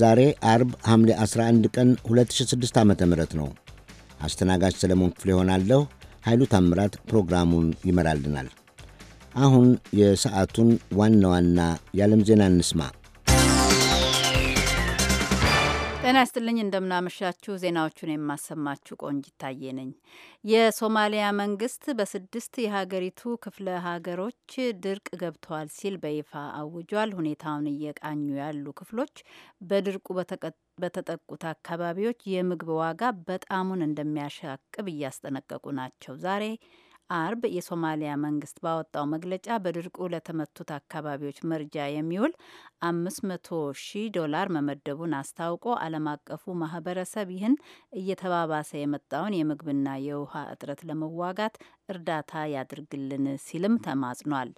ዛሬ አርብ ሐምሌ 11 ቀን 2006 ዓ ም ነው። አስተናጋጅ ሰለሞን ክፍሌ ይሆናለሁ። ኃይሉ ታምራት ፕሮግራሙን ይመራልናል። አሁን የሰዓቱን ዋና ዋና የዓለም ዜና እንስማ። ጤና ይስጥልኝ እንደምናመሻችሁ። ዜናዎቹን የማሰማችሁ ቆንጅ ይታየ ነኝ። የሶማሊያ መንግስት በስድስት የሀገሪቱ ክፍለ ሀገሮች ድርቅ ገብተዋል ሲል በይፋ አውጇል። ሁኔታውን እየቃኙ ያሉ ክፍሎች በድርቁ በተጠቁት አካባቢዎች የምግብ ዋጋ በጣሙን እንደሚያሻቅብ እያስጠነቀቁ ናቸው። ዛሬ አርብ የሶማሊያ መንግስት ባወጣው መግለጫ በድርቁ ለተመቱት አካባቢዎች መርጃ የሚውል አምስት መቶ ሺህ ዶላር መመደቡን አስታውቆ ዓለም አቀፉ ማህበረሰብ ይህን እየተባባሰ የመጣውን የምግብና የውሃ እጥረት ለመዋጋት እርዳታ ያድርግልን ሲልም ተማጽኗል።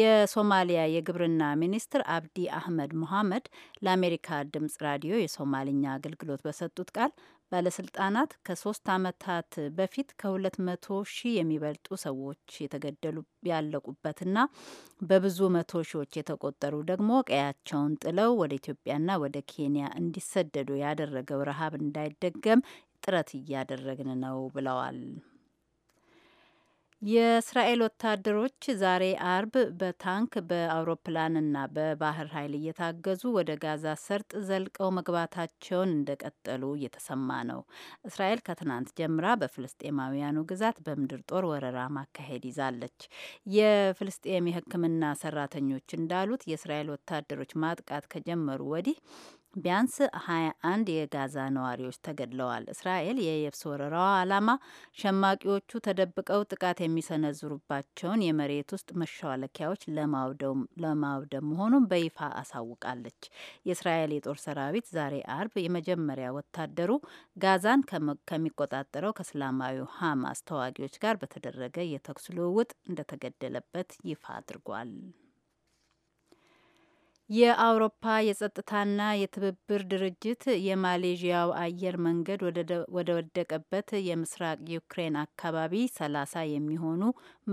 የሶማሊያ የግብርና ሚኒስትር አብዲ አህመድ ሙሐመድ ለአሜሪካ ድምጽ ራዲዮ የሶማልኛ አገልግሎት በሰጡት ቃል ባለስልጣናት ከሶስት ዓመታት በፊት ከሁለት መቶ ሺህ የሚበልጡ ሰዎች የተገደሉ ያለቁበትና በብዙ መቶ ሺዎች የተቆጠሩ ደግሞ ቀያቸውን ጥለው ወደ ኢትዮጵያና ወደ ኬንያ እንዲሰደዱ ያደረገው ረሃብ እንዳይደገም ጥረት እያደረግን ነው ብለዋል። የእስራኤል ወታደሮች ዛሬ አርብ በታንክ በአውሮፕላንና በባህር ኃይል እየታገዙ ወደ ጋዛ ሰርጥ ዘልቀው መግባታቸውን እንደቀጠሉ እየተሰማ ነው። እስራኤል ከትናንት ጀምራ በፍልስጤማውያኑ ግዛት በምድር ጦር ወረራ ማካሄድ ይዛለች። የፍልስጤም የሕክምና ሰራተኞች እንዳሉት የእስራኤል ወታደሮች ማጥቃት ከጀመሩ ወዲህ ቢያንስ 21 የጋዛ ነዋሪዎች ተገድለዋል። እስራኤል የየብስ ወረራዋ ዓላማ ሸማቂዎቹ ተደብቀው ጥቃት የሚሰነዝሩባቸውን የመሬት ውስጥ መሻለኪያዎች ለማውደም መሆኑን በይፋ አሳውቃለች። የእስራኤል የጦር ሰራዊት ዛሬ አርብ የመጀመሪያ ወታደሩ ጋዛን ከሚቆጣጠረው ከእስላማዊው ሀማስ ተዋጊዎች ጋር በተደረገ የተኩስ ልውውጥ እንደተገደለበት ይፋ አድርጓል። የአውሮፓ የጸጥታና የትብብር ድርጅት የማሌዥያው አየር መንገድ ወደ ወደቀበት የምስራቅ ዩክሬን አካባቢ ሰላሳ የሚሆኑ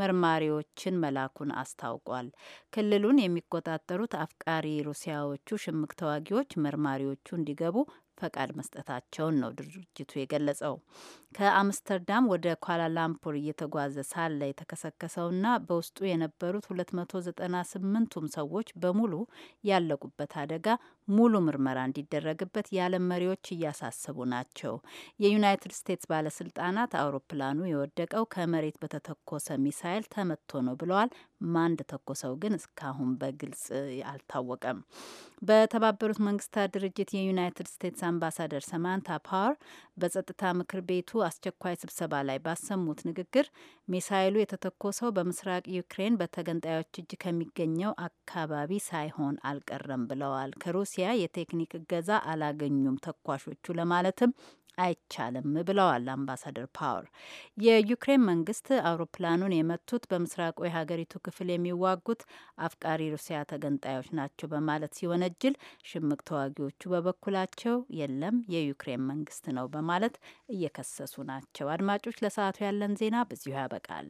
መርማሪዎችን መላኩን አስታውቋል። ክልሉን የሚቆጣጠሩት አፍቃሪ ሩሲያዎቹ ሽምቅ ተዋጊዎች መርማሪዎቹ እንዲገቡ ፈቃድ መስጠታቸውን ነው ድርጅቱ የገለጸው። ከአምስተርዳም ወደ ኳላላምፑር እየተጓዘ ሳለ የተከሰከሰውና በውስጡ የነበሩት 298ቱም ሰዎች በሙሉ ያለቁበት አደጋ ሙሉ ምርመራ እንዲደረግበት የዓለም መሪዎች እያሳሰቡ ናቸው። የዩናይትድ ስቴትስ ባለስልጣናት አውሮፕላኑ የወደቀው ከመሬት በተተኮሰ ሚሳይል ተመቶ ነው ብለዋል። ማን እንደተኮሰው ግን እስካሁን በግልጽ አልታወቀም። በተባበሩት መንግስታት ድርጅት የዩናይትድ ስቴትስ አምባሳደር ሰማንታ ፓወር በጸጥታ ምክር ቤቱ አስቸኳይ ስብሰባ ላይ ባሰሙት ንግግር ሚሳይሉ የተተኮሰው በምስራቅ ዩክሬን በተገንጣዮች እጅ ከሚገኘው አካባቢ ሳይሆን አልቀረም ብለዋል። ከሩሲያ ሩሲያ የቴክኒክ እገዛ አላገኙም ተኳሾቹ ለማለትም አይቻልም ብለዋል አምባሳደር ፓወር። የዩክሬን መንግስት አውሮፕላኑን የመቱት በምስራቁ የሀገሪቱ ክፍል የሚዋጉት አፍቃሪ ሩሲያ ተገንጣዮች ናቸው በማለት ሲወነጅል፣ ሽምቅ ተዋጊዎቹ በበኩላቸው የለም የዩክሬን መንግስት ነው በማለት እየከሰሱ ናቸው። አድማጮች፣ ለሰዓቱ ያለን ዜና በዚሁ ያበቃል።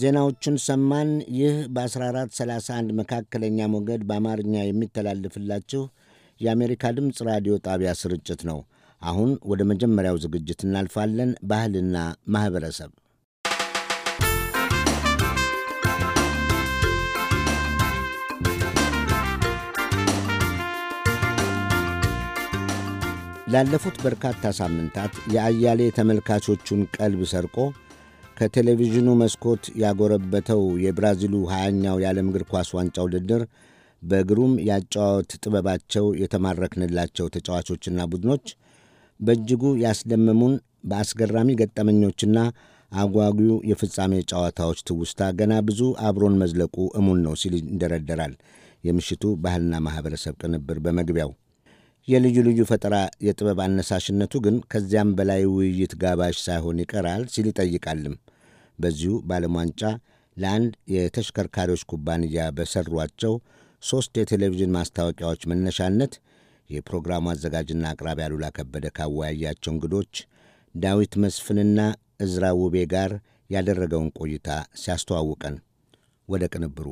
ዜናዎቹን ሰማን። ይህ በ1431 መካከለኛ ሞገድ በአማርኛ የሚተላልፍላችሁ የአሜሪካ ድምፅ ራዲዮ ጣቢያ ስርጭት ነው። አሁን ወደ መጀመሪያው ዝግጅት እናልፋለን። ባህልና ማኅበረሰብ ላለፉት በርካታ ሳምንታት የአያሌ ተመልካቾቹን ቀልብ ሰርቆ ከቴሌቪዥኑ መስኮት ያጎረበተው የብራዚሉ ሀያኛው የዓለም እግር ኳስ ዋንጫ ውድድር በግሩም ያጨዋወት ጥበባቸው የተማረክንላቸው ተጫዋቾችና ቡድኖች በእጅጉ ያስደመሙን በአስገራሚ ገጠመኞችና አጓጊው የፍጻሜ ጨዋታዎች ትውስታ ገና ብዙ አብሮን መዝለቁ እሙን ነው ሲል ይንደረደራል የምሽቱ ባህልና ማኅበረሰብ ቅንብር በመግቢያው። የልዩ ልዩ ፈጠራ የጥበብ አነሳሽነቱ ግን ከዚያም በላይ ውይይት ጋባዥ ሳይሆን ይቀራል ሲል ይጠይቃልም። በዚሁ በዓለም ዋንጫ ለአንድ የተሽከርካሪዎች ኩባንያ በሰሯቸው ሦስት የቴሌቪዥን ማስታወቂያዎች መነሻነት የፕሮግራሙ አዘጋጅና አቅራቢ አሉላ ከበደ ካወያያቸው እንግዶች ዳዊት መስፍንና እዝራ ውቤ ጋር ያደረገውን ቆይታ ሲያስተዋውቀን ወደ ቅንብሩ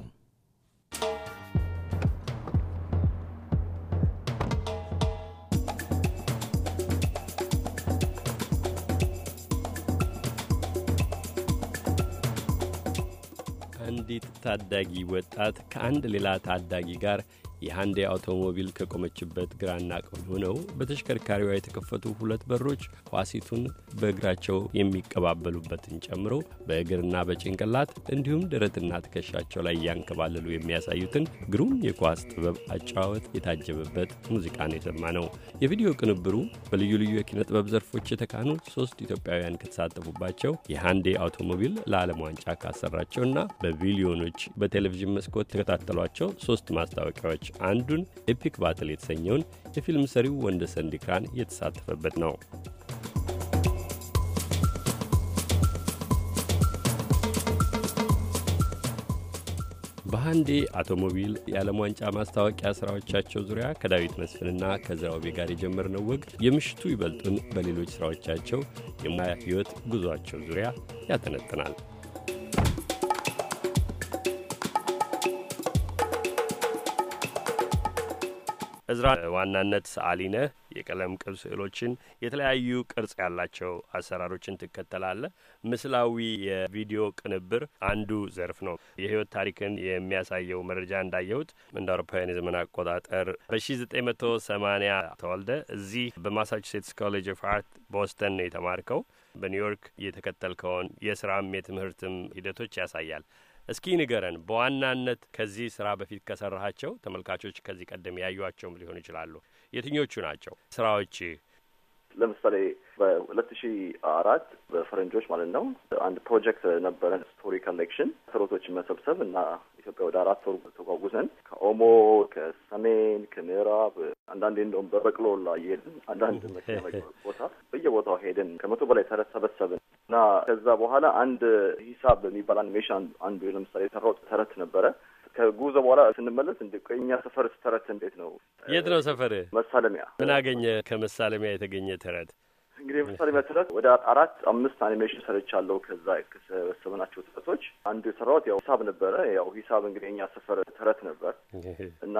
አንዲት ታዳጊ ወጣት ከአንድ ሌላ ታዳጊ ጋር የሃንዴ አውቶሞቢል ከቆመችበት ግራና ቀኝ ሆነው በተሽከርካሪዋ የተከፈቱ ሁለት በሮች ኳሲቱን በእግራቸው የሚቀባበሉበትን ጨምሮ በእግርና በጭንቅላት እንዲሁም ደረትና ትከሻቸው ላይ እያንከባለሉ የሚያሳዩትን ግሩም የኳስ ጥበብ አጨዋወት የታጀበበት ሙዚቃን የሰማ ነው። የቪዲዮ ቅንብሩ በልዩ ልዩ የኪነ ጥበብ ዘርፎች የተካኑ ሶስት ኢትዮጵያውያን ከተሳተፉባቸው የሃንዴ አውቶሞቢል ለዓለም ዋንጫ ካሰራቸውና በቢሊዮኖች በቴሌቪዥን መስኮት ተከታተሏቸው ሶስት ማስታወቂያዎች አንዱን ኤፒክ ባትል የተሰኘውን የፊልም ሰሪው ወንደ ሰንዲካን የተሳተፈበት ነው። በአንዴ አውቶሞቢል የዓለም ዋንጫ ማስታወቂያ ሥራዎቻቸው ዙሪያ ከዳዊት መስፍንና ከዝራውቤ ጋር የጀመርነው ወግ የምሽቱ ይበልጡን በሌሎች ሥራዎቻቸው የሙያ ሕይወት ጉዞአቸው ዙሪያ ያጠነጥናል። እዝራ ዋናነት ሰዓሊ ነህ። የቀለም ቅብ ስዕሎችን፣ የተለያዩ ቅርጽ ያላቸው አሰራሮችን ትከተላለህ። ምስላዊ የቪዲዮ ቅንብር አንዱ ዘርፍ ነው። የህይወት ታሪክን የሚያሳየው መረጃ እንዳየሁት እንደ አውሮፓውያን የዘመን አቆጣጠር በ1980 ተወልደ እዚህ በማሳቹሴትስ ኮሌጅ ኦፍ አርት ቦስተን ነው የተማርከው። በኒውዮርክ የተከተልከውን የስራም የትምህርትም ሂደቶች ያሳያል። እስኪ ንገረን በዋናነት ከዚህ ስራ በፊት ከሰራሃቸው ተመልካቾች ከዚህ ቀደም ያዩቸውም ሊሆን ይችላሉ የትኞቹ ናቸው ስራዎች? ለምሳሌ በሁለት ሺ አራት በፈረንጆች ማለት ነው አንድ ፕሮጀክት ነበረ፣ ስቶሪ ኮሌክሽን ተረቶችን መሰብሰብ እና ኢትዮጵያ ወደ አራት ወር ተጓጉዘን ከኦሞ ከሰሜን ከምዕራብ አንዳንዴ እንደውም በበቅሎ ላይ ሄድን። አንዳንድ ቦታ በየቦታው ሄድን። ከመቶ በላይ ተረት ሰበሰብን። እና ከዛ በኋላ አንድ ሂሳብ በሚባል አኒሜሽን አንዱ ለምሳሌ የሰራሁት ተረት ነበረ። ከጉዞ በኋላ ስንመለስ እንደ የእኛ ሰፈር ተረት እንዴት ነው? የት ነው ሰፈር? መሳለሚያ። ምን አገኘ? ከመሳለሚያ የተገኘ ተረት እንግዲህ ምሳሌ መሰረት ወደ አራት አምስት አኒሜሽን ሰርቻለሁ። ከዛ ከሰበሰብናቸው ጥረቶች አንዱ የሰራሁት ያው ሂሳብ ነበረ። ያው ሂሳብ እንግዲህ እኛ ሰፈር ተረት ነበር እና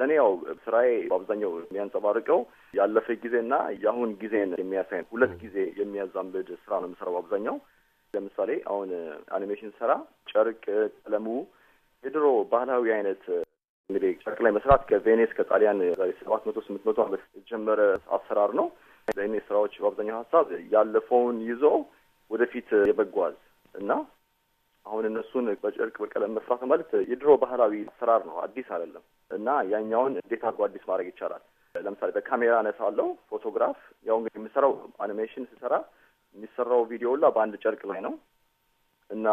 ለእኔ ያው ስራዬ በአብዛኛው የሚያንጸባርቀው ያለፈ ጊዜና የአሁን ጊዜን የሚያሳይ ሁለት ጊዜ የሚያዛምድ ስራ ነው የምሰራው በአብዛኛው። ለምሳሌ አሁን አኒሜሽን ስራ ጨርቅ ቀለሙ የድሮ ባህላዊ አይነት እንግዲህ ጨርቅ ላይ መስራት ከቬኔስ ከጣሊያን ሰባት መቶ ስምንት መቶ ዓመት የተጀመረ አሰራር ነው። ለእኔ ስራዎች በአብዛኛው ሀሳብ ያለፈውን ይዞ ወደፊት የመጓዝ እና አሁን እነሱን በጨርቅ በቀለም መስራት ማለት የድሮ ባህላዊ አሰራር ነው፣ አዲስ አይደለም እና ያኛውን እንዴት አድርጎ አዲስ ማድረግ ይቻላል። ለምሳሌ በካሜራ አነሳለሁ ፎቶግራፍ። ያው እንግዲህ የምሰራው አኒሜሽን ስሰራ የሚሰራው ቪዲዮ ላ በአንድ ጨርቅ ላይ ነው እና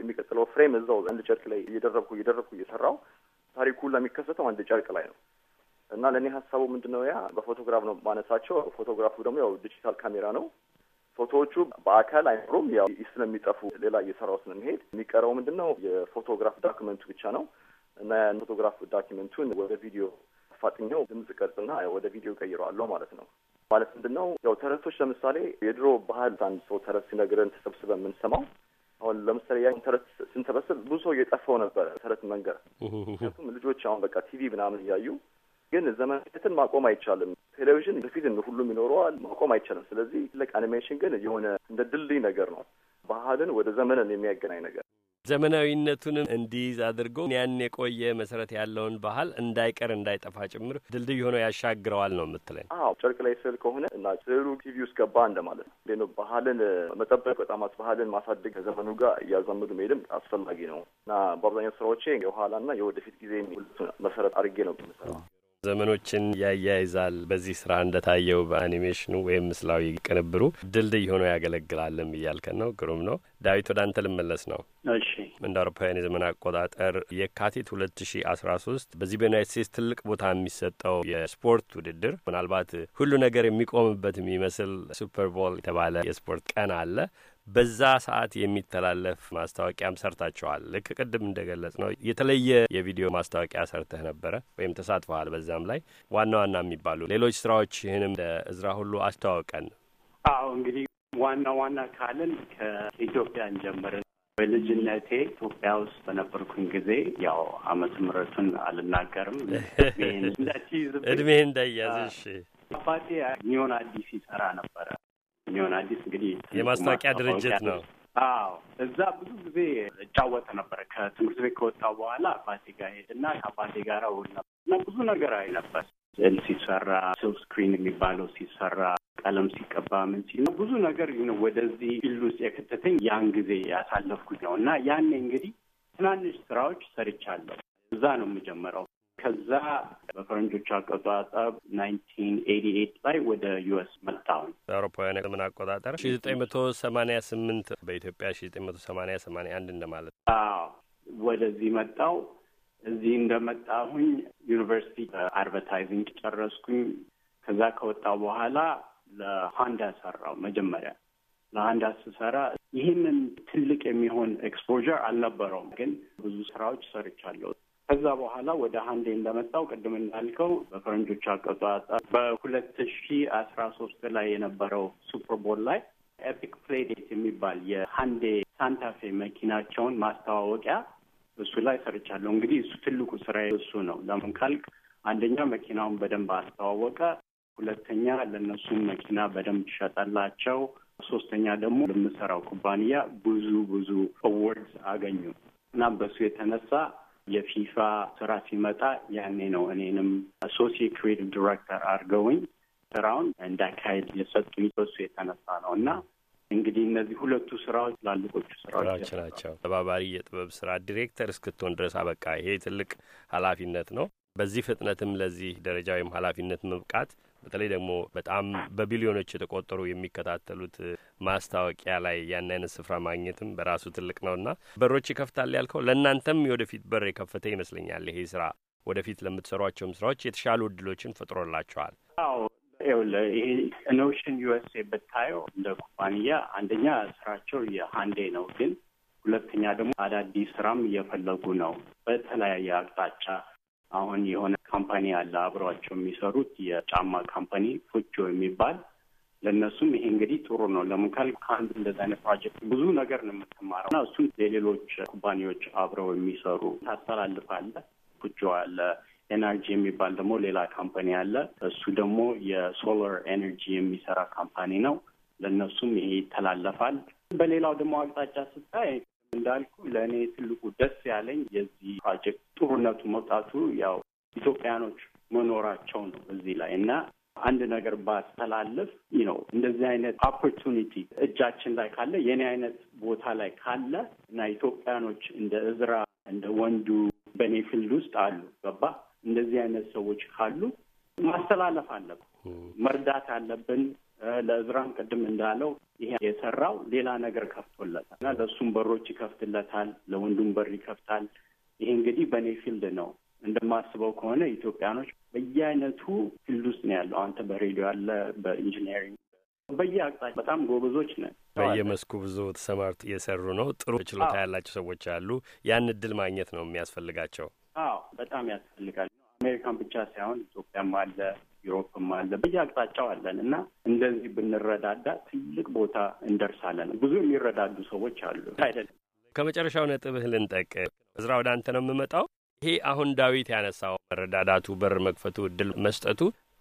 የሚቀጥለው ፍሬም እዛው አንድ ጨርቅ ላይ እየደረብኩ እየደረብኩ እየሰራው ታሪኩ ሁላ የሚከሰተው አንድ ጨርቅ ላይ ነው። እና ለእኔ ሀሳቡ ምንድን ነው ያ በፎቶግራፍ ነው ማነሳቸው። ፎቶግራፉ ደግሞ ያው ዲጂታል ካሜራ ነው። ፎቶዎቹ በአካል አይኖሩም፣ ያው ስለሚጠፉ ሌላ እየሰራው ስለሚሄድ የሚቀረው ምንድን ነው የፎቶግራፍ ዳኪመንቱ ብቻ ነው እና ያን ፎቶግራፍ ዳኪመንቱን ወደ ቪዲዮ አፋጥኘው ድምጽ ቀርጽና ወደ ቪዲዮ ቀይረዋለሁ ማለት ነው። ማለት ምንድን ነው ያው ተረቶች ለምሳሌ የድሮ ባህል አንድ ሰው ተረት ሲነግረን ተሰብስበን የምንሰማው አሁን ለምሳሌ ያን ተረት ስንሰበስብ ብዙ ሰው እየጠፋው ነበረ ተረት መንገር። ምክንያቱም ልጆች አሁን በቃ ቲቪ ምናምን እያዩ ግን ዘመን ሂደትን ማቆም አይቻልም። ቴሌቪዥን በፊት ሁሉም ይኖረዋል፣ ማቆም አይቻልም። ስለዚህ ትልቅ አኒሜሽን ግን የሆነ እንደ ድልድይ ነገር ነው፣ ባህልን ወደ ዘመንን የሚያገናኝ ነገር ዘመናዊነቱንም እንዲይዝ አድርጎ ያን የቆየ መሰረት ያለውን ባህል እንዳይቀር እንዳይጠፋ ጭምር ድልድይ ሆኖ ያሻግረዋል ነው የምትለኝ? አዎ ጨርቅ ላይ ስዕል ከሆነ እና ስዕሉ ቲቪ ውስጥ ገባ እንደማለት ነው። እንዴት ነው ባህልን መጠበቅ በጣም ባህልን ማሳደግ ከዘመኑ ጋር እያዛመዱ መሄድም አስፈላጊ ነው እና በአብዛኛው ስራዎቼ የኋላና የወደፊት ጊዜ ሁለቱን መሰረት አድርጌ ነው የምሰራው። ዘመኖችን ያያይዛል። በዚህ ስራ እንደታየው በአኒሜሽኑ ወይም ምስላዊ ቅንብሩ ድልድይ ሆኖ ያገለግላልም እያልከን ነው። ግሩም ነው። ዳዊት ወደ አንተ ልመለስ ነው። እሺ እንደ አውሮፓውያን የዘመን አቆጣጠር የካቲት ሁለት ሺ አስራ ሶስት በዚህ በዩናይት ስቴትስ ትልቅ ቦታ የሚሰጠው የስፖርት ውድድር ምናልባት ሁሉ ነገር የሚቆምበት የሚመስል ሱፐር ቦል የተባለ የስፖርት ቀን አለ። በዛ ሰዓት የሚተላለፍ ማስታወቂያም ሰርታችኋል። ልክ ቅድም እንደገለጽ ነው የተለየ የቪዲዮ ማስታወቂያ ሰርተህ ነበረ ወይም ተሳትፈሃል። በዛም ላይ ዋና ዋና የሚባሉ ሌሎች ስራዎች ይህንም ለእዝራ ሁሉ አስተዋውቀን። አዎ እንግዲህ ዋና ዋና ካልን ከኢትዮጵያ እንጀምርን። በልጅነቴ ኢትዮጵያ ውስጥ በነበርኩኝ ጊዜ ያው አመት ምረቱን አልናገርም እድሜ እንዳያዝሽ አባቴ ኒዮን አዲስ ይሰራ ነበረ ሊሆን አዲስ እንግዲህ የማስታወቂያ ድርጅት ነው። አዎ እዛ ብዙ ጊዜ እጫወት ነበረ። ከትምህርት ቤት ከወጣ በኋላ አባቴ ጋር ሄድና ከአባቴ ጋር ውል ነበር እና ብዙ ነገር አይ ነበር ስዕል ሲሰራ ሰው ስክሪን የሚባለው ሲሰራ ቀለም ሲቀባ ምን ሲል ብዙ ነገር ወደዚህ ፊልድ ውስጥ የከተተኝ ያን ጊዜ ያሳለፍኩት ነው እና ያኔ እንግዲህ ትናንሽ ስራዎች ሰርቻለሁ። እዛ ነው የምጀምረው። ከዛ በፈረንጆች አቆጣጠር ናይንቲን ኤቲ ላይ ወደ ዩኤስ መጣሁኝ በአውሮፓውያን ዘመን አቆጣጠር ሺ ዘጠኝ መቶ ሰማኒያ ስምንት በኢትዮጵያ ሺ ዘጠኝ መቶ ሰማኒያ ሰማኒያ አንድ እንደማለት አዎ ወደዚህ መጣው እዚህ እንደመጣሁኝ ዩኒቨርሲቲ አድቨርታይዚንግ ጨረስኩኝ ከዛ ከወጣው በኋላ ለሆንዳ ሰራው መጀመሪያ ለአንድ ስሰራ ይህንን ትልቅ የሚሆን ኤክስፖዠር አልነበረውም፣ ግን ብዙ ስራዎች ሰርቻለሁ። ከዛ በኋላ ወደ ሀንዴ እንደመጣው ቅድም እንዳልከው በፈረንጆች አቆጣጠር በሁለት ሺ አስራ ሶስት ላይ የነበረው ሱፐርቦል ላይ ኤፒክ ፕሌዴት የሚባል የሀንዴ ሳንታፌ መኪናቸውን ማስተዋወቂያ እሱ ላይ ሰርቻለሁ። እንግዲህ እሱ ትልቁ ስራ እሱ ነው። ለምን ካልክ አንደኛ መኪናውን በደንብ አስተዋወቀ፣ ሁለተኛ ለእነሱም መኪና በደንብ ሸጠላቸው ሶስተኛ ደግሞ ለምሰራው ኩባንያ ብዙ ብዙ አዋርድስ አገኙ እና በሱ የተነሳ የፊፋ ስራ ሲመጣ ያኔ ነው እኔንም አሶሲዬት ክሬቲቭ ዲሬክተር አድርገውኝ ስራውን እንዳካሄድ የሰጡኝ በሱ የተነሳ ነው እና እንግዲህ እነዚህ ሁለቱ ስራዎች ትላልቆቹ ስራዎች ናቸው። ተባባሪ የጥበብ ስራ ዲሬክተር እስክትሆን ድረስ አበቃ። ይሄ ትልቅ ኃላፊነት ነው። በዚህ ፍጥነትም ለዚህ ደረጃ ወይም ኃላፊነት መብቃት በተለይ ደግሞ በጣም በቢሊዮኖች የተቆጠሩ የሚከታተሉት ማስታወቂያ ላይ ያን አይነት ስፍራ ማግኘትም በራሱ ትልቅ ነውና በሮች ይከፍታል ያልከው ለእናንተም የወደፊት በር የከፈተ ይመስለኛል። ይሄ ስራ ወደፊት ለምትሰሯቸውም ስራዎች የተሻሉ እድሎችን ፈጥሮላቸዋል። አዎ ይሄ ኖሽን ዩኤስኤ ብታየው እንደ ኩባንያ አንደኛ ስራቸው የሀንዴ ነው፣ ግን ሁለተኛ ደግሞ አዳዲስ ስራም እየፈለጉ ነው በተለያየ አቅጣጫ አሁን የሆነ ካምፓኒ አለ አብሯቸው የሚሰሩት የጫማ ካምፓኒ ፉጆ የሚባል ለእነሱም ይሄ እንግዲህ ጥሩ ነው። ለምካል ከአንድ እንደዚህ አይነት ፕሮጀክት ብዙ ነገር ነው የምትማረው እና እሱም የሌሎች ኩባንያዎች አብረው የሚሰሩ ታስተላልፋለ። ፉጆ አለ። ኤነርጂ የሚባል ደግሞ ሌላ ካምፓኒ አለ። እሱ ደግሞ የሶላር ኤነርጂ የሚሰራ ካምፓኒ ነው። ለእነሱም ይሄ ይተላለፋል። በሌላው ደግሞ አቅጣጫ ስታይ እንዳልኩ ለእኔ ትልቁ ደስ ያለኝ የዚህ ፕሮጀክት ጥሩነቱ መውጣቱ ያው ኢትዮጵያኖች መኖራቸው ነው እዚህ ላይ እና አንድ ነገር ባስተላለፍ ነው እንደዚህ አይነት ኦፖርቹኒቲ እጃችን ላይ ካለ የኔ አይነት ቦታ ላይ ካለ እና ኢትዮጵያኖች እንደ እዝራ እንደ ወንዱ በእኔ ፊልድ ውስጥ አሉ። ገባ እንደዚህ አይነት ሰዎች ካሉ ማስተላለፍ አለብን፣ መርዳት አለብን። ለእዝራም ቅድም እንዳለው ይሄ የሰራው ሌላ ነገር ከፍቶለታል እና ለእሱም በሮች ይከፍትለታል፣ ለወንዱም በር ይከፍታል። ይሄ እንግዲህ በእኔ ፊልድ ነው እንደማስበው ከሆነ ኢትዮጵያኖች በየአይነቱ ፊልድ ውስጥ ነው ያለው። አንተ በሬዲዮ አለ፣ በኢንጂኒሪንግ በየአቅጣጫ በጣም ጎበዞች ነን። በየመስኩ ብዙ ተሰማርት እየሰሩ ነው። ጥሩ ችሎታ ያላቸው ሰዎች አሉ። ያን እድል ማግኘት ነው የሚያስፈልጋቸው። አዎ በጣም ያስፈልጋል። አሜሪካን ብቻ ሳይሆን ኢትዮጵያም አለ ዩሮፕም አለ በየአቅጣጫው አለን እና እንደዚህ ብንረዳዳ ትልቅ ቦታ እንደርሳለን። ብዙ የሚረዳዱ ሰዎች አሉ አይደለም። ከመጨረሻው ነጥብህ ልንጠቅ እዝራ፣ ወደ አንተ ነው የምመጣው። ይሄ አሁን ዳዊት ያነሳው መረዳዳቱ፣ በር መክፈቱ፣ እድል መስጠቱ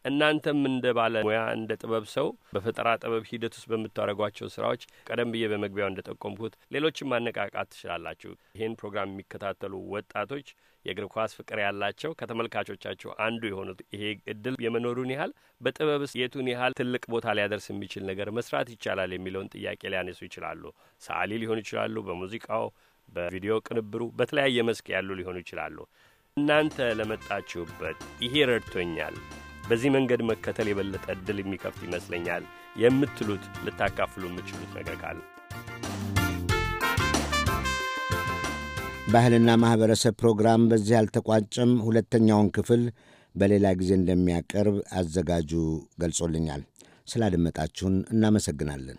እናንተም እንደ ባለሙያ እንደ ጥበብ ሰው በፈጠራ ጥበብ ሂደት ውስጥ በምታደርጓቸው ስራዎች ቀደም ብዬ በመግቢያው እንደጠቆምኩት ሌሎችም ማነቃቃት ትችላላችሁ። ይህን ፕሮግራም የሚከታተሉ ወጣቶች የእግር ኳስ ፍቅር ያላቸው ከተመልካቾቻቸው አንዱ የሆኑት ይሄ እድል የመኖሩን ያህል በጥበብ የቱን ያህል ትልቅ ቦታ ሊያደርስ የሚችል ነገር መስራት ይቻላል የሚለውን ጥያቄ ሊያነሱ ይችላሉ። ሰዓሊ ሊሆኑ ይችላሉ። በሙዚቃው፣ በቪዲዮ ቅንብሩ፣ በተለያየ መስክ ያሉ ሊሆኑ ይችላሉ። እናንተ ለመጣችሁበት ይሄ ረድቶኛል፣ በዚህ መንገድ መከተል የበለጠ እድል የሚከፍት ይመስለኛል የምትሉት ልታካፍሉ የምችሉት ነገር ካለ ባህልና ማኅበረሰብ ፕሮግራም በዚህ አልተቋጨም። ሁለተኛውን ክፍል በሌላ ጊዜ እንደሚያቀርብ አዘጋጁ ገልጾልኛል። ስላደመጣችሁን እናመሰግናለን።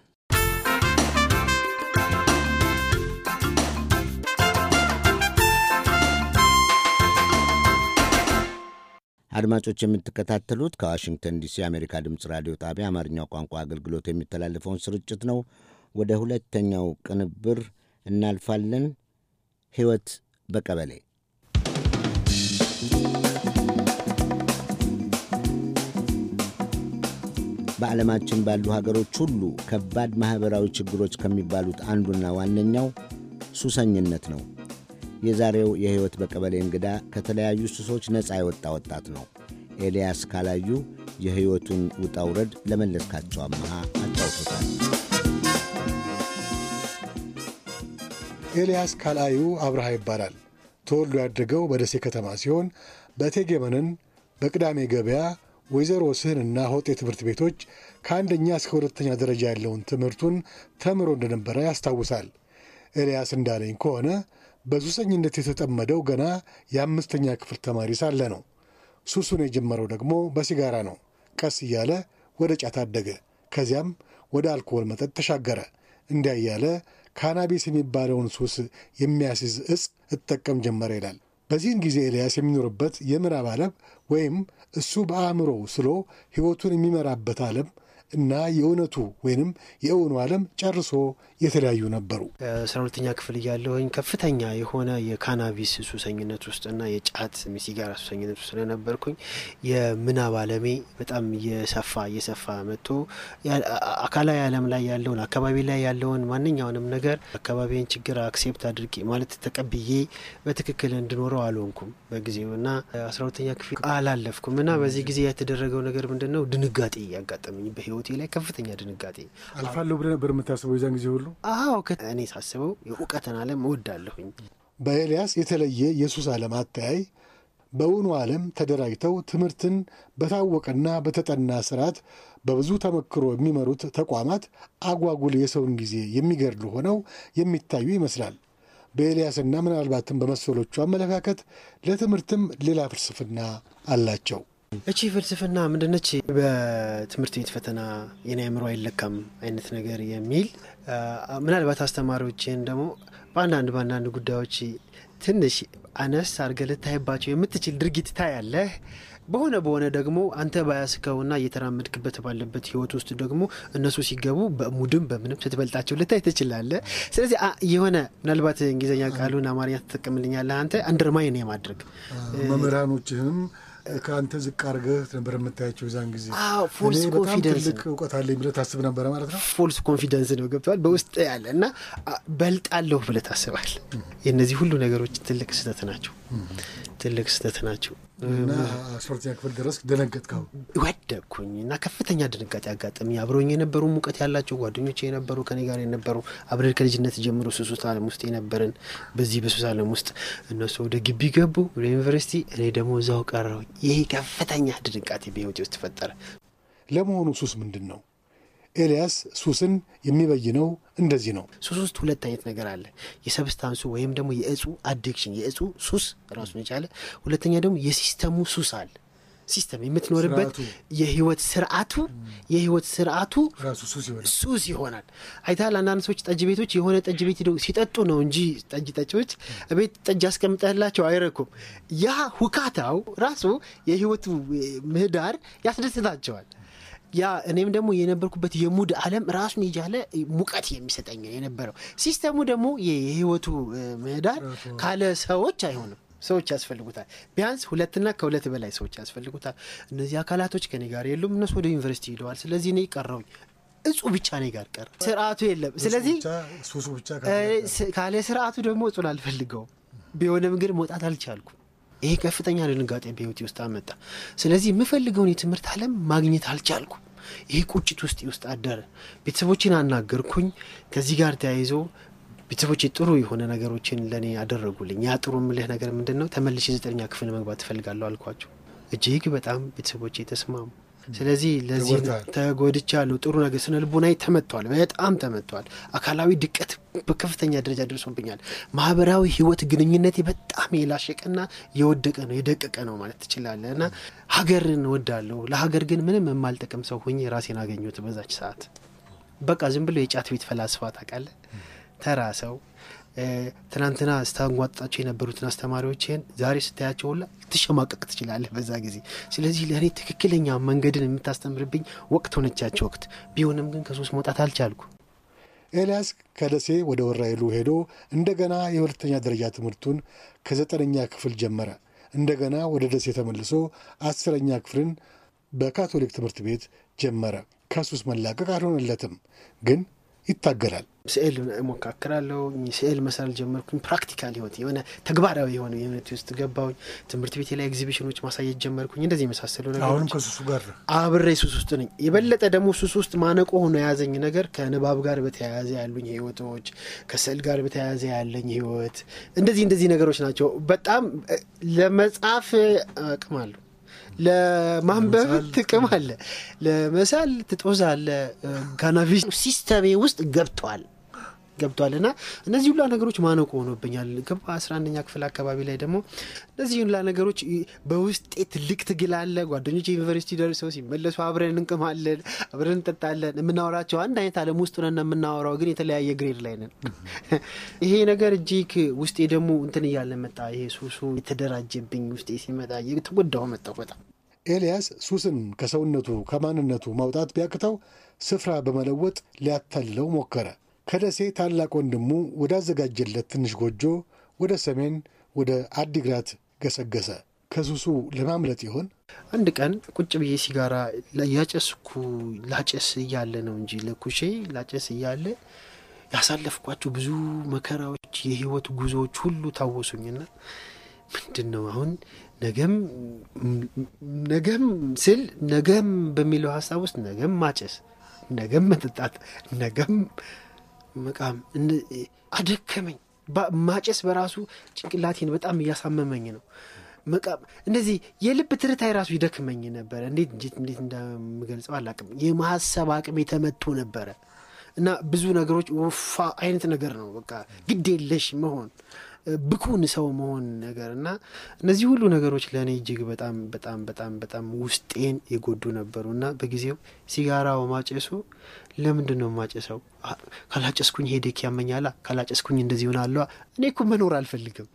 አድማጮች የምትከታተሉት ከዋሽንግተን ዲሲ የአሜሪካ ድምፅ ራዲዮ ጣቢያ አማርኛው ቋንቋ አገልግሎት የሚተላለፈውን ስርጭት ነው። ወደ ሁለተኛው ቅንብር እናልፋለን። ሕይወት በቀበሌ በዓለማችን ባሉ ሀገሮች ሁሉ ከባድ ማኅበራዊ ችግሮች ከሚባሉት አንዱና ዋነኛው ሱሰኝነት ነው። የዛሬው የሕይወት በቀበሌ እንግዳ ከተለያዩ ሱሶች ነፃ የወጣ ወጣት ነው። ኤልያስ ካላዩ የሕይወቱን ውጣውረድ ለመለስካቸው አመሃ አጫውቶታል። ኤልያስ ካላዩ አብርሃ ይባላል። ተወልዶ ያደገው በደሴ ከተማ ሲሆን በእቴጌ መነን፣ በቅዳሜ ገበያ፣ ወይዘሮ እና ሆጤ ትምህርት ቤቶች ከአንደኛ እስከ ሁለተኛ ደረጃ ያለውን ትምህርቱን ተምሮ እንደነበረ ያስታውሳል። ኤልያስ እንዳለኝ ከሆነ በሱሰኝነት የተጠመደው ገና የአምስተኛ ክፍል ተማሪ ሳለ ነው። ሱሱን የጀመረው ደግሞ በሲጋራ ነው። ቀስ እያለ ወደ ጫት አደገ። ከዚያም ወደ አልኮል መጠጥ ተሻገረ። እንዲያ እያለ ካናቢስ የሚባለውን ሱስ የሚያስይዝ እጽ እጠቀም ጀመረ ይላል። በዚህን ጊዜ ኤልያስ የሚኖርበት የምዕራብ ዓለም ወይም እሱ በአእምሮ ስሎ ሕይወቱን የሚመራበት ዓለም እና የእውነቱ ወይንም የእውኑ ዓለም ጨርሶ የተለያዩ ነበሩ። አስራ ሁለተኛ ክፍል እያለሁኝ ከፍተኛ የሆነ የካናቢስ ሱሰኝነት ውስጥና የጫት ሲጋራ ሱሰኝነት ውስጥ ስለነበርኩኝ የምናብ አለሜ በጣም እየሰፋ እየሰፋ መጥቶ አካላዊ ዓለም ላይ ያለውን አካባቢ ላይ ያለውን ማንኛውንም ነገር አካባቢን ችግር አክሴፕት አድርጌ ማለት ተቀብዬ በትክክል እንድኖረው አልሆንኩም በጊዜው እና አስራ ሁለተኛ ክፍል አላለፍኩም እና በዚህ ጊዜ የተደረገው ነገር ምንድን ነው ድንጋጤ ያጋጠመኝ በህይወት በህይወቴ ላይ ከፍተኛ ድንጋጤ አልፋለሁ ብለህ ነበር የምታስበው የዛን ጊዜ ሁሉ? አዎ እኔ ሳስበው የእውቀትን ዓለም እወዳለሁኝ። በኤልያስ የተለየ የሱስ ዓለም አተያይ በእውኑ ዓለም ተደራጅተው ትምህርትን በታወቀና በተጠና ስርዓት በብዙ ተመክሮ የሚመሩት ተቋማት አጓጉል የሰውን ጊዜ የሚገድሉ ሆነው የሚታዩ ይመስላል። በኤልያስና ምናልባትም በመሰሎቹ አመለካከት ለትምህርትም ሌላ ፍልስፍና አላቸው። እቺ ፍልስፍና ምንድነች? በትምህርት ቤት ፈተና የኔ አእምሮ አይለካም አይነት ነገር የሚል ምናልባት አስተማሪዎችን ደግሞ በአንዳንድ በአንዳንድ ጉዳዮች ትንሽ አነስ አድርገህ ልታይባቸው የምትችል ድርጊት ታያለህ። በሆነ በሆነ ደግሞ አንተ ባያስከውና እየተራመድክበት ባለበት ህይወት ውስጥ ደግሞ እነሱ ሲገቡ በሙድም በምንም ስትበልጣቸው ልታይ ትችላለህ። ስለዚህ የሆነ ምናልባት እንግሊዝኛ ቃሉን አማርኛ ትጠቀምልኛለህ አንተ አንደርማይን የማድረግ መምህራኖችህም ከአንተ ዝቅ አድርገህ ነበር የምታያቸው የዛን ጊዜ። ፎልስ ኮንፊደንስ ትልቅ እውቀት አለኝ ብለህ ታስብ ነበረ ማለት ነው። ፎልስ ኮንፊደንስ ነው ገብተዋል በውስጥ ያለ እና በልጣለሁ ብለህ ታስባል። የእነዚህ ሁሉ ነገሮች ትልቅ ስህተት ናቸው። ትልቅ ስህተት ናቸው እና አስርተኛ ክፍል ደረስ ደነገጥከው? ወደኩኝ እና ከፍተኛ ድንጋጤ አጋጠሚ። አብረኝ የነበሩ ሙቀት ያላቸው ጓደኞች የነበሩ ከኔ ጋር የነበሩ አብረን ከልጅነት ጀምሮ ሱሱት ዓለም ውስጥ የነበርን በዚህ በሱስ ዓለም ውስጥ እነሱ ወደ ግቢ ገቡ፣ ወደ ዩኒቨርሲቲ፣ እኔ ደግሞ እዛው ቀረው። ይሄ ከፍተኛ ድንጋጤ በህይወቴ ውስጥ ተፈጠረ። ለመሆኑ ሱስ ምንድን ነው? ኤልያስ ሱስን የሚበይነው እንደዚህ ነው። ሱስ ውስጥ ሁለት አይነት ነገር አለ። የሰብስታንሱ ወይም ደግሞ የእጹ አዲክሽን የእጹ ሱስ ራሱን የቻለ ሁለተኛ ደግሞ የሲስተሙ ሱስ አለ። ሲስተም የምትኖርበት የህይወት ስርዓቱ የህይወት ስርዓቱ ሱስ ይሆናል። አይታል አንዳንድ ሰዎች ጠጅ ቤቶች የሆነ ጠጅ ቤት ሄደው ሲጠጡ ነው እንጂ ጠጅ ጠጪዎች ቤት ጠጅ አስቀምጠላቸው አይረኩም። ያ ሁካታው ራሱ የህይወቱ ምህዳር ያስደስታቸዋል። ያ እኔም ደግሞ የነበርኩበት የሙድ አለም ራሱን የቻለ ሙቀት የሚሰጠኝ የነበረው ሲስተሙ ደግሞ የህይወቱ ምህዳር ካለ ሰዎች አይሆንም። ሰዎች ያስፈልጉታል። ቢያንስ ሁለትና ከሁለት በላይ ሰዎች ያስፈልጉታል። እነዚህ አካላቶች ከኔ ጋር የሉም። እነሱ ወደ ዩኒቨርሲቲ ሂደዋል ስለዚህ እኔ ቀረውኝ። እጹ ብቻ እኔ ጋር ቀረ። ስርአቱ የለም። ስለዚህ ካለ ስርአቱ ደግሞ እጹን አልፈልገውም። ቢሆንም ግን መውጣት አልቻልኩ ይሄ ከፍተኛ ድንጋጤ በህይወቴ ውስጥ አመጣ። ስለዚህ የምፈልገውን የትምህርት አለም ማግኘት አልቻልኩ። ይሄ ቁጭት ውስጥ ውስጥ አደረ። ቤተሰቦችን አናገርኩኝ። ከዚህ ጋር ተያይዞ ቤተሰቦች ጥሩ የሆነ ነገሮችን ለእኔ ያደረጉልኝ። ያ ጥሩ የምልህ ነገር ምንድን ነው? ተመልሼ ዘጠነኛ ክፍል መግባት እፈልጋለሁ አልኳቸው። እጅግ በጣም ቤተሰቦቼ ተስማሙ። ስለዚህ ለዚህ ያለው ጥሩ ነገር ስነ ልቦናዬ ተመቷል፣ በጣም ተመቷል። አካላዊ ድቀት በከፍተኛ ደረጃ ደርሶብኛል። ማህበራዊ ህይወት ግንኙነቴ በጣም የላሸቀና የወደቀ ነው የደቀቀ ነው ማለት ትችላለህ። እና ሀገርን እወዳለሁ፣ ለሀገር ግን ምንም የማልጠቅም ሰው ሆኜ ራሴን አገኘሁት በዛች ሰዓት። በቃ ዝም ብሎ የጫት ቤት ፈላስፋ ታውቃለህ፣ ተራ ሰው ትናንትና ስታንጓጣቸው የነበሩትን አስተማሪዎችን ዛሬ ስታያቸው ሁላ ትሸማቀቅ ትችላለህ በዛ ጊዜ። ስለዚህ ለእኔ ትክክለኛ መንገድን የምታስተምርብኝ ወቅት ሆነቻቸው ወቅት ቢሆንም ግን ከሶስት መውጣት አልቻልኩ። ኤልያስ ከደሴ ወደ ወራይሉ ሄዶ እንደገና የሁለተኛ ደረጃ ትምህርቱን ከዘጠነኛ ክፍል ጀመረ። እንደገና ወደ ደሴ ተመልሶ አስረኛ ክፍልን በካቶሊክ ትምህርት ቤት ጀመረ። ከሱስ መላቀቅ አልሆነለትም ግን ይታገላል። ስዕል እሞካከራለሁ። ስዕል መሳል ጀመርኩኝ። ፕራክቲካል ህይወት የሆነ ተግባራዊ የሆነ የሆነት ውስጥ ገባሁኝ። ትምህርት ቤት ላይ ኤግዚቢሽኖች ማሳየት ጀመርኩኝ። እንደዚህ የመሳሰሉ ነገሮች አሁንም ከሱሱ ጋር አብሬ ሱስ ውስጥ ነኝ። የበለጠ ደግሞ ሱስ ውስጥ ማነቆ ሆኖ የያዘኝ ነገር ከንባብ ጋር በተያያዘ ያሉኝ ህይወቶች፣ ከስዕል ጋር በተያያዘ ያለኝ ህይወት እንደዚህ እንደዚህ ነገሮች ናቸው። በጣም ለመጻፍ አቅም አለሁ ለማንበብ ጥቅም አለ። ለመሳል ትጦዛለ። ጋናቪ ሲስተሜ ውስጥ ገብቷል። ገብቷል ና እነዚህ ሁላ ነገሮች ማነቆ ሆኖብኛል። ገባ አስራ አንደኛ ክፍል አካባቢ ላይ ደግሞ እነዚህ ሁላ ነገሮች በውስጤ ትልቅ ትግል አለ። ጓደኞች ዩኒቨርሲቲ ደርሰው ሲመለሱ አብረን እንቅማለን፣ አብረን እንጠጣለን። የምናወራቸው አንድ አይነት አለም ውስጥ ነን የምናወራው፣ ግን የተለያየ ግሬድ ላይ ነን። ይሄ ነገር እጅግ ውስጤ ደግሞ እንትን እያለ መጣ። ይሄ ሱሱ የተደራጀብኝ ውስጤ ሲመጣ የተጎዳው መጣ ወጣ ኤልያስ ሱስን ከሰውነቱ ከማንነቱ ማውጣት ቢያቅተው ስፍራ በመለወጥ ሊያታልለው ሞከረ። ከደሴ ታላቅ ወንድሙ ወዳዘጋጀለት ትንሽ ጎጆ ወደ ሰሜን ወደ አዲግራት ገሰገሰ። ከሱሱ ለማምለጥ ይሆን? አንድ ቀን ቁጭ ብዬ ሲጋራ ያጨስኩ ላጨስ እያለ ነው እንጂ ለኩሼ ላጨስ እያለ ያሳለፍኳቸው ብዙ መከራዎች፣ የህይወት ጉዞዎች ሁሉ ታወሱኝና ምንድን ነው አሁን ነገም ነገም ስል ነገም በሚለው ሀሳብ ውስጥ ነገም ማጨስ፣ ነገም መጠጣት፣ ነገም መቃም አደከመኝ። ማጨስ በራሱ ጭንቅላቴን በጣም እያሳመመኝ ነው። መቃም እንደዚህ የልብ ትርታይ ራሱ ይደክመኝ ነበረ። እንዴት እንዴት እንደምገልጸው አላቅም። የማሰብ አቅም የተመቶ ነበረ እና ብዙ ነገሮች ውፋ አይነት ነገር ነው። በቃ ግድ የለሽ መሆን ብኩን ሰው መሆን ነገር እና እነዚህ ሁሉ ነገሮች ለእኔ እጅግ በጣም በጣም በጣም በጣም ውስጤን የጎዱ ነበሩ እና በጊዜው ሲጋራው ማጨሱ ለምንድን ነው ማጨሰው? ካላጨስኩኝ ሄደክ ያመኛላ፣ ካላጨስኩኝ እንደዚህ ሆናለዋ። እኔ እኮ መኖር አልፈልግም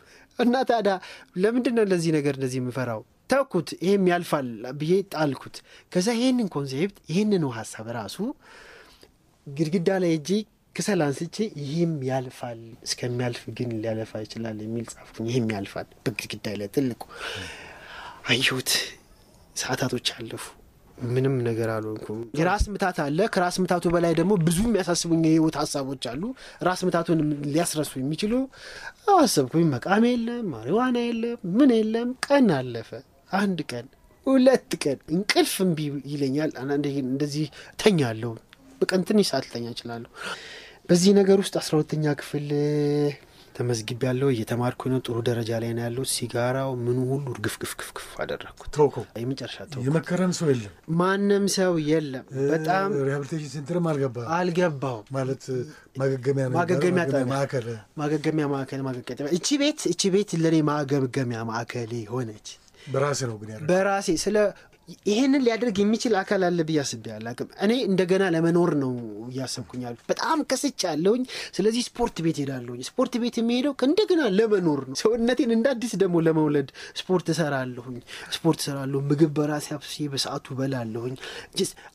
እና ታዲያ ለምንድን ነው ለዚህ ነገር እንደዚህ የምፈራው? ተኩት ይሄም ያልፋል ብዬ ጣልኩት። ከዛ ይሄንን ኮንሴፕት ይሄንኑ ሀሳብ ራሱ ግድግዳ ላይ እጅግ ክሰል አንስቼ ይህም ያልፋል እስከሚያልፍ ግን ሊያለፋ ይችላል የሚል ጻፍኩኝ። ይህም ያልፋል በግድግዳይ ላይ ትልቁ አየሁት። ሰዓታቶች አለፉ። ምንም ነገር አልሆንኩም። የራስ ምታት አለ። ከራስ ምታቱ በላይ ደግሞ ብዙ የሚያሳስቡኝ የህይወት ሀሳቦች አሉ። ራስ ምታቱን ሊያስረሱ የሚችሉ አሰብኩኝ። መቃም የለም፣ ማሪዋና የለም፣ ምን የለም። ቀን አለፈ። አንድ ቀን፣ ሁለት ቀን እንቅልፍ እምቢ ይለኛል። አንዳንዴ እንደዚህ ተኛለሁ። በቀን ትንሽ ሰዓት ልተኛ እችላለሁ። በዚህ ነገር ውስጥ አስራ ሁለተኛ ክፍል ተመዝግቤ ያለው እየተማርኩ ነው። ጥሩ ደረጃ ላይ ነው ያለው። ሲጋራው ምኑ ሁሉ እርግፍ ግፍ አደረግኩት። የመጨረሻ ተውኩ። የመከረን ሰው የለም፣ ማንም ሰው የለም። በጣም ሪሃብሊቴሽን ሴንተርም አልገባ አልገባው ማለት ማገገሚያ ማገገሚያ ማዕከል ማገገሚያ ማዕከል ማገገሚያ እቺ ቤት እቺ ቤት ለእኔ ማገገሚያ ማዕከሌ ሆነች። በራሴ ነው ግን በራሴ ስለ ይሄንን ሊያደርግ የሚችል አካል አለ ብዬ አስቤ አላቅም። እኔ እንደገና ለመኖር ነው እያሰብኩኛል። በጣም ከስች ያለውኝ ስለዚህ ስፖርት ቤት ሄዳለሁኝ። ስፖርት ቤት የሚሄደው እንደገና ለመኖር ነው። ሰውነቴን እንደ አዲስ ደግሞ ለመውለድ ስፖርት እሰራለሁኝ። ስፖርት እሰራለሁ። ምግብ በራሴ አብስዬ በሰአቱ በላለሁኝ።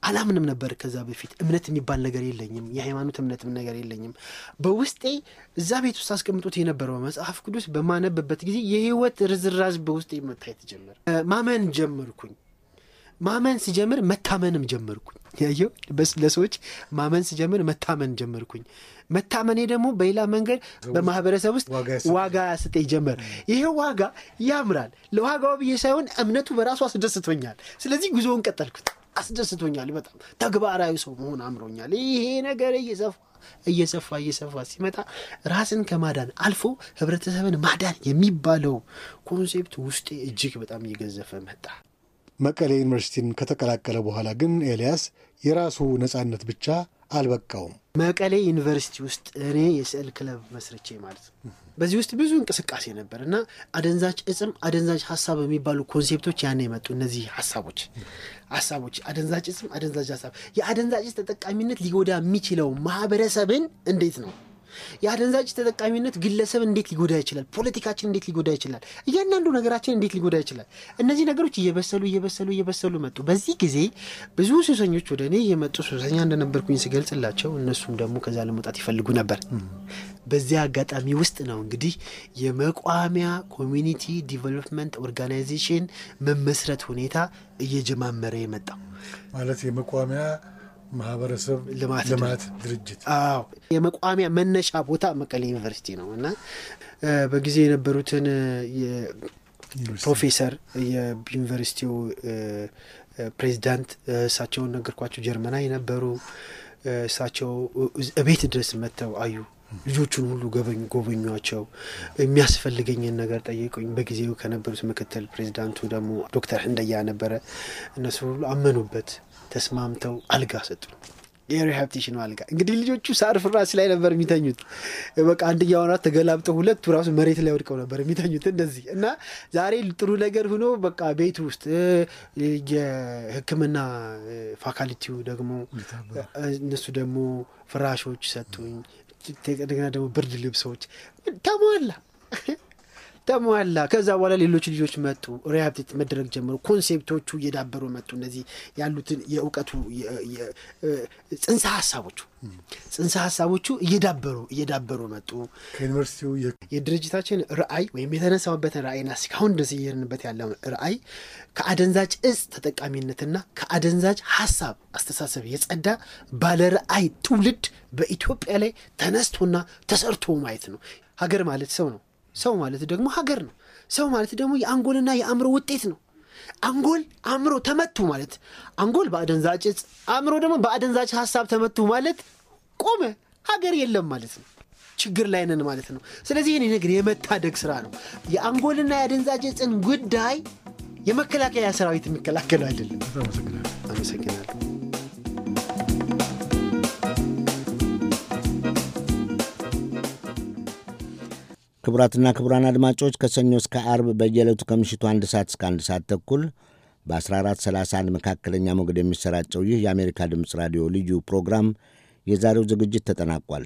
አላምንም ነበር ከዛ በፊት እምነት የሚባል ነገር የለኝም። የሃይማኖት እምነትም ነገር የለኝም። በውስጤ እዛ ቤት ውስጥ አስቀምጦት የነበረው መጽሐፍ ቅዱስ በማነብበት ጊዜ የህይወት ርዝራዝ በውስጤ መታየት ጀመር። ማመን ጀመርኩኝ። ማመን ስጀምር መታመንም ጀመርኩኝ። ያየው ለሰዎች ማመን ስጀምር መታመን ጀመርኩኝ። መታመኔ ደግሞ በሌላ መንገድ በማህበረሰብ ውስጥ ዋጋ ያስጠኝ ጀመር። ይሄ ዋጋ ያምራል። ለዋጋው ብዬ ሳይሆን እምነቱ በራሱ አስደስቶኛል። ስለዚህ ጉዞውን ቀጠልኩት። አስደስቶኛል። በጣም ተግባራዊ ሰው መሆን አምሮኛል። ይሄ ነገር እየሰፋ እየሰፋ እየሰፋ ሲመጣ ራስን ከማዳን አልፎ ህብረተሰብን ማዳን የሚባለው ኮንሴፕት ውስጤ እጅግ በጣም እየገዘፈ መጣ። መቀሌ ዩኒቨርሲቲን ከተቀላቀለ በኋላ ግን ኤልያስ የራሱ ነጻነት ብቻ አልበቃውም። መቀሌ ዩኒቨርሲቲ ውስጥ እኔ የስዕል ክለብ መስርቼ ማለት ነው። በዚህ ውስጥ ብዙ እንቅስቃሴ ነበር እና አደንዛዥ እጽም አደንዛዥ ሀሳብ የሚባሉ ኮንሴፕቶች ያን የመጡ እነዚህ ሀሳቦች ሀሳቦች አደንዛዥ እጽም አደንዛዥ ሀሳብ የአደንዛዥ ተጠቃሚነት ሊጎዳ የሚችለው ማህበረሰብን እንዴት ነው የአደንዛጭ ተጠቃሚነት ግለሰብ እንዴት ሊጎዳ ይችላል? ፖለቲካችን እንዴት ሊጎዳ ይችላል? እያንዳንዱ ነገራችን እንዴት ሊጎዳ ይችላል? እነዚህ ነገሮች እየበሰሉ እየበሰሉ እየበሰሉ መጡ። በዚህ ጊዜ ብዙ ሱሰኞች ወደ እኔ እየመጡ ሱሰኛ እንደነበርኩኝ ስገልጽላቸው እነሱም ደግሞ ከዛ ለመውጣት ይፈልጉ ነበር። በዚያ አጋጣሚ ውስጥ ነው እንግዲህ የመቋሚያ ኮሚኒቲ ዲቨሎፕመንት ኦርጋናይዜሽን መመስረት ሁኔታ እየጀማመረ የመጣው ማለት የመቋሚያ ማህበረሰብ ልማት ድርጅት አዎ የመቋሚያ መነሻ ቦታ መቀሌ ዩኒቨርሲቲ ነው እና በጊዜ የነበሩትን ፕሮፌሰር የዩኒቨርሲቲው ፕሬዚዳንት እሳቸውን ነገርኳቸው። ጀርመናዊ ነበሩ። እሳቸው እቤት ድረስ መጥተው አዩ። ልጆቹን ሁሉ ጎበኟቸው። የሚያስፈልገኝን ነገር ጠየቁኝ። በጊዜው ከነበሩት ምክትል ፕሬዚዳንቱ ደግሞ ዶክተር ህንደያ ነበረ። እነሱ ሁሉ አመኑበት። ተስማምተው አልጋ ሰጡ። የሪሃብቴሽን አልጋ እንግዲህ ልጆቹ ሳር ፍራሽ ላይ ነበር የሚተኙት። በቃ አንደኛው ራሱ ተገላብጠው ሁለቱ ራሱ መሬት ላይ ወድቀው ነበር የሚተኙት እንደዚህ እና ዛሬ ጥሩ ነገር ሆኖ በቃ ቤት ውስጥ የህክምና ፋካልቲው ደግሞ እነሱ ደግሞ ፍራሾች ሰጡኝ። እንደገና ደግሞ ብርድ ልብሶች ተሟላ። ተሟላ። ከዛ በኋላ ሌሎች ልጆች መጡ፣ ሪሃብቲት መደረግ ጀመሩ። ኮንሴፕቶቹ እየዳበሩ መጡ። እነዚህ ያሉትን የእውቀቱ ጽንሰ ሀሳቦቹ ጽንሰ ሀሳቦቹ እየዳበሩ እየዳበሩ መጡ። ከዩኒቨርሲቲው የድርጅታችን ርአይ ወይም የተነሳውበትን ርአይና እስካሁን ድረስ እየሄድንበት ያለው ርአይ ከአደንዛጭ እጽ ተጠቃሚነትና ከአደንዛጭ ሀሳብ አስተሳሰብ የጸዳ ባለ ራዕይ ትውልድ በኢትዮጵያ ላይ ተነስቶና ተሰርቶ ማየት ነው። ሀገር ማለት ሰው ነው። ሰው ማለት ደግሞ ሀገር ነው። ሰው ማለት ደግሞ የአንጎልና የአእምሮ ውጤት ነው። አንጎል አእምሮ ተመቱ ማለት አንጎል በአደንዛጭ አእምሮ ደግሞ በአደንዛጭ ሀሳብ ተመቱ ማለት ቆመ፣ ሀገር የለም ማለት ነው። ችግር ላይ ነን ማለት ነው። ስለዚህ ይህን ነገር የመታደግ ስራ ነው። የአንጎልና የአደንዛጭ ጉዳይ የመከላከያ ሰራዊት የሚከላከሉ አይደለም። አመሰግናለሁ። ክቡራትና ክቡራን አድማጮች ከሰኞ እስከ አርብ በየዕለቱ ከምሽቱ አንድ ሰዓት እስከ አንድ ሰዓት ተኩል በ1431 መካከለኛ ሞገድ የሚሰራጨው ይህ የአሜሪካ ድምፅ ራዲዮ ልዩ ፕሮግራም የዛሬው ዝግጅት ተጠናቋል።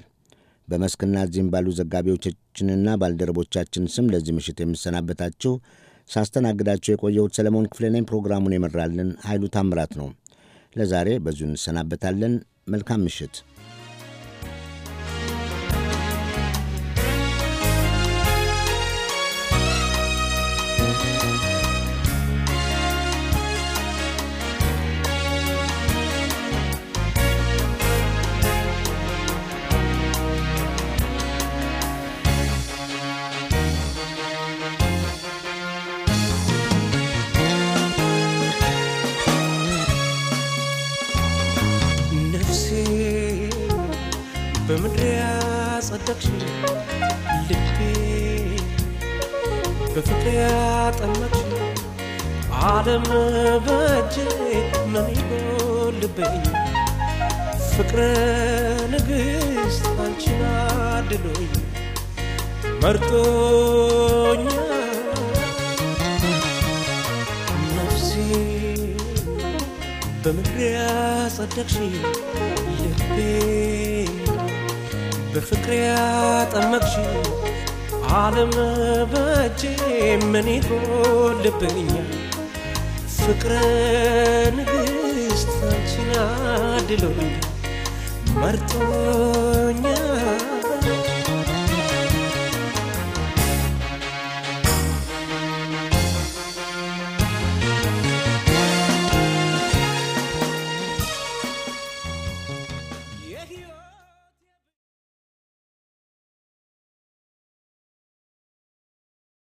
በመስክና እዚህም ባሉ ዘጋቢዎቻችንና ባልደረቦቻችን ስም ለዚህ ምሽት የምሰናበታችሁ ሳስተናግዳቸው የቆየሁት ሰለሞን ክፍሌ ነኝ። ፕሮግራሙን የመራልን ኃይሉ ታምራት ነው። ለዛሬ በዚሁ እንሰናበታለን። መልካም ምሽት። በፍቅሪያ ጸደቅሽ ልቤ በፍቅሪያ ጠመቅሽ ዓለም በእጄ ምን ይጎልብኝ ፍቅረ ንግሥት አንቺን አድሎኝ መርጦኛ ነፍሴ በምድሪያ ጸደቅሽ ልቤ በፍቅር ያጠመቅሽ ዓለም በእጄ ምን ይጎልብኛል? ፍቅረ ንግሥት አንቺን